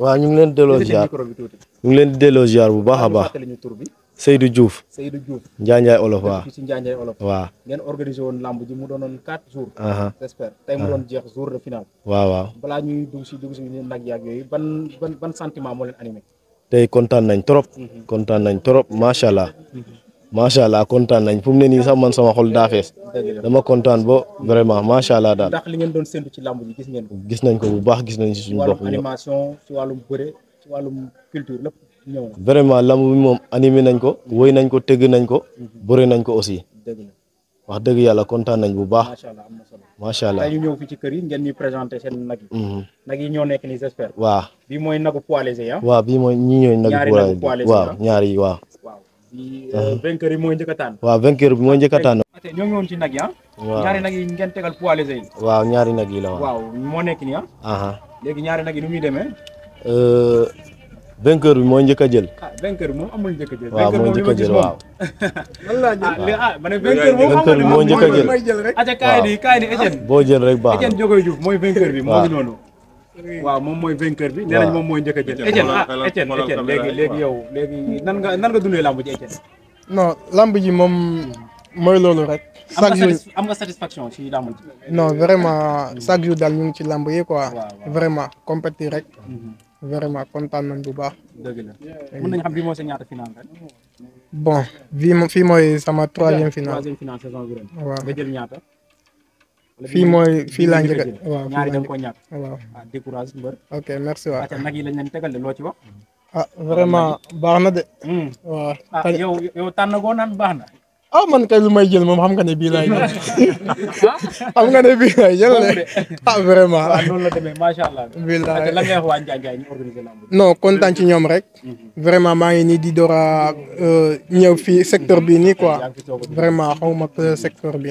waaw ñu ngi leen di delloo ziar ñu ngi leen di delloo bu baax a baax Seydou Diouf Seydou Diouf Njaanjaay Olof waaw ci Njaanjaay Olof waaw ngeen organisé woon lamb ji mu doonoon quatre jours j'espère tey mu doon jeex de finale waaw waaw balaa ñuy dugg si dugg si nag yaag yooyu ban ban ban sentiment moo leen animé tey kontaan nañ trop mhm. kontaan nañ trop macha allah macha allah kontaan nañ fu mu ne nii sax man sama xol daa fees dama kontaan bo vraiment macha allah daal li ngeen doon séntu ci làmb ji gis ngeen ko. gis nañ ko bu baax gis nañ si suñu bopp animation ci wàllum bëre ci wàllum culture lépp ñëw vraiment làmb moom animé nañ ko woy nañ ko tëgg nañ ko mhm. bëre nañ ko aussi wax dëgg yàlla kontaan nañ bu baax macha allah ñu ñëw fi ci kër yi ngeen ñuy présenté seen nag yi. Mhm. nag yi ñoo nekk nii j'espère. waaw mooy nagu poids léger ah. waaw mooy ñii ñooy nagu poids léger waaw ah? ñaari waa Euh, vainqueur yi mooy njëkk taan waaw vainqueur bi mooy njëkk a tànn. ñoo ngi woon ci nag yi ah. waaw ñaari nag yi ngeen tegal poids léger waaw ñaari nag yi la waaw. moo nekk nii ah. léegi ñaari nag yi nu muy demee. Euh, vainqueur bi mooy njëkk jël. ah vainqueur bi a jël. waaw mooy njëkk a jël waaw. ah njëkk a jël. waaw ah, di kaay boo jël rek baax na Etienne Diogoye Diouf mooy vainqueur bi moo noonu. waaw moom mooy vainqueur bi. waaw moom mooy njëkk a jël. Etienne ah Etienne Etienne léegi léegi yow léegi nan nga nan nga dundee làmb ji moom mooy loolu rek. chaque jour am nga satisfaction ci làmb ji. no vraiment chaque jour dal ñu ngi ci làmb yi quoi. vraiment compétit rek. Mhm. vraiment kontaan nañ bu baax. dëgg la mën nañu xam bii mooy sa ñaata final rek. bon bii fii mooy sama troisième final. troisième final saison bi ren. nga jël ñaata. fii mooy fii laa njëkk waaw ñaari da nga koo ñàkk waaw ah, décourage mbër ok merci waaw ak leen tegal de loo ci wax ah vraiment baax na de hmm. waaw ah, tànn goo naan baax na ah man kay lu may jël moom xam nga ne bii laay jël xam nga ne bii laay jël de ah vraiment waaw noonu la demee macha allah bii laay la ngay wax waa Njaay ñu organiser lamb non kontaan ci ñoom rek hmm. vraiment maa ngi nii di door a euh, ñëw fii secteur bi nii quoi hmm. vraiment xaw ma secteur bi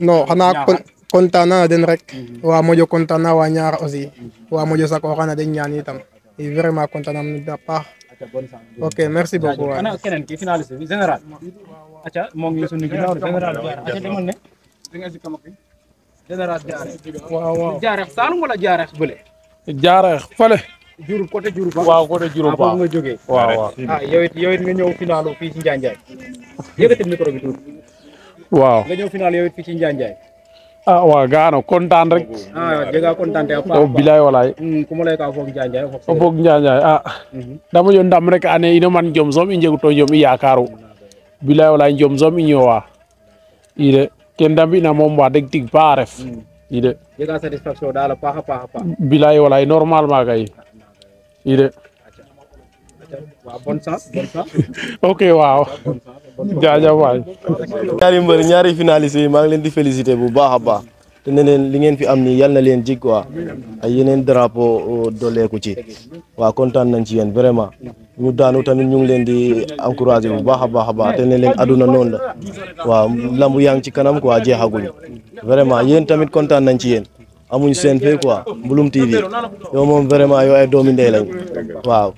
non xanaa kon kontaan naa den rek mhm. waa mojo kontaan naa waa Niakhar aussi waa Modio Sakho xanaa dañ ñaan itam vraiment kontaan am na ok merci beaucoup waay. ana keneen ki finaliste moo ngi sunu ginnaaw général acca demal ne. général Diarra. waaw waaw Diarra Saalum wala Diarra bële. Diarra fële. Diouroup côté Diouroup ba. waaw nga ñëw ci Njaanjaay ah waaw gaano kontaan rek ah jega kontaante a paax oh, bilaay walaay hmm, kuma lay ka foog Njaanjaay ah, mhm. dama yo ndam rek ane ino man jom soom i njegu to jom i yaakaaru bilaay walaay jom soom i ñoowa i de ken mbina moom wax dëgg tig paax a ref hmm. i de jega a paax a paax bilaay walaay normal maaga yi i de waaw bonne chance bonne chance. waaw. jaajëf waay. ñaari mbër ñaari finalistes yi maa ngi leen di félicité bu baax a baax. te ne leen li ngeen fi am ni yal na leen jig quoi ay yeneen drapeau euh, dooleeku ci waaw kontaan nañ ci yéen vraiment ñu daanu tamit ñu ngi leen di encourager bu baax a baax a baax te ne leen aduna noonu la waaw lambu yaa ngi ci kanam quoi jeexaguñu vraiment yéen tamit kontaan nañ ci yéen amuñ seen fee quoi Mbulum TV yow moom vraiment yow ay doomi ndey lañ waaw.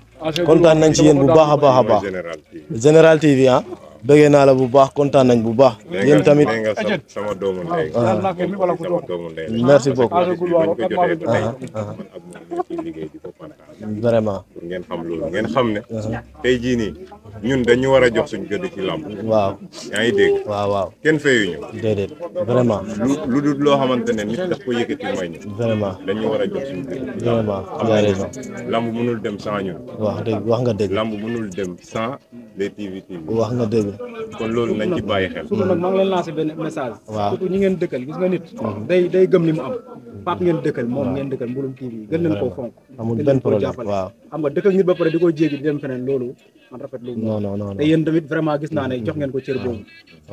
kontaan nañ ci yéen bu baax a baax a baax Général TV ah bëggee naa la bu baax kontaan nañ bu baax yéen tamit ah, ah. merci beaucoup ah, vraiment ngeen xam loolu ngeen xam ne tey jii ñun dañu war a jox suñ gëdd ci làmb waaw yaa ngi dégg waaw waaw kenn fayuñu déedéet vraiment lu lu dul loo xamante ne nit daf ko yëkkati mooy ñu vraiment dañu war a jox suñ gëdd vraiment yaa raison làmb mënul dem sans ñun wax dëgg wax nga dëgg làmb mënul dem sans les TV TV wax nga dëgg kon loolu nañ ci bàyyi xel surtout nag maa ngi leen lancé benn message surtout ñi ngeen dëkkal gis nga nit mhm. day gëm li mu am pap ngeen dëkkal moom benn problème waaw dëkkal nit ba pare di ko jéegi di dem feneen loolu te yéen tamit gis naa ne mm-hmm.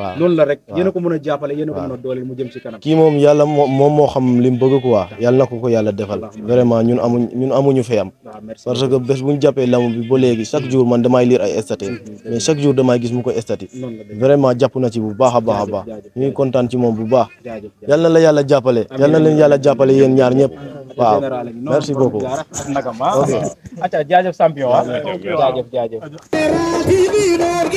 a ko moom yàlla moom moo xam li bëgg ko yàlla defal vraiment ñun amuñu fayam parce que bés bu jàppee lamu bi ba léegi chaque jour man damay lire ay statut mm-hmm. mais chaque jour damay gis mu ko statut vraiment jàpp na ci bu baax a baax a baax ci moom bu baax yàlla la yàlla jàppale yàlla na yàlla jàppale jàppale yéen ñaar ñëpp waaw merci beaucoup ok jaajëf champion ah. jaajëf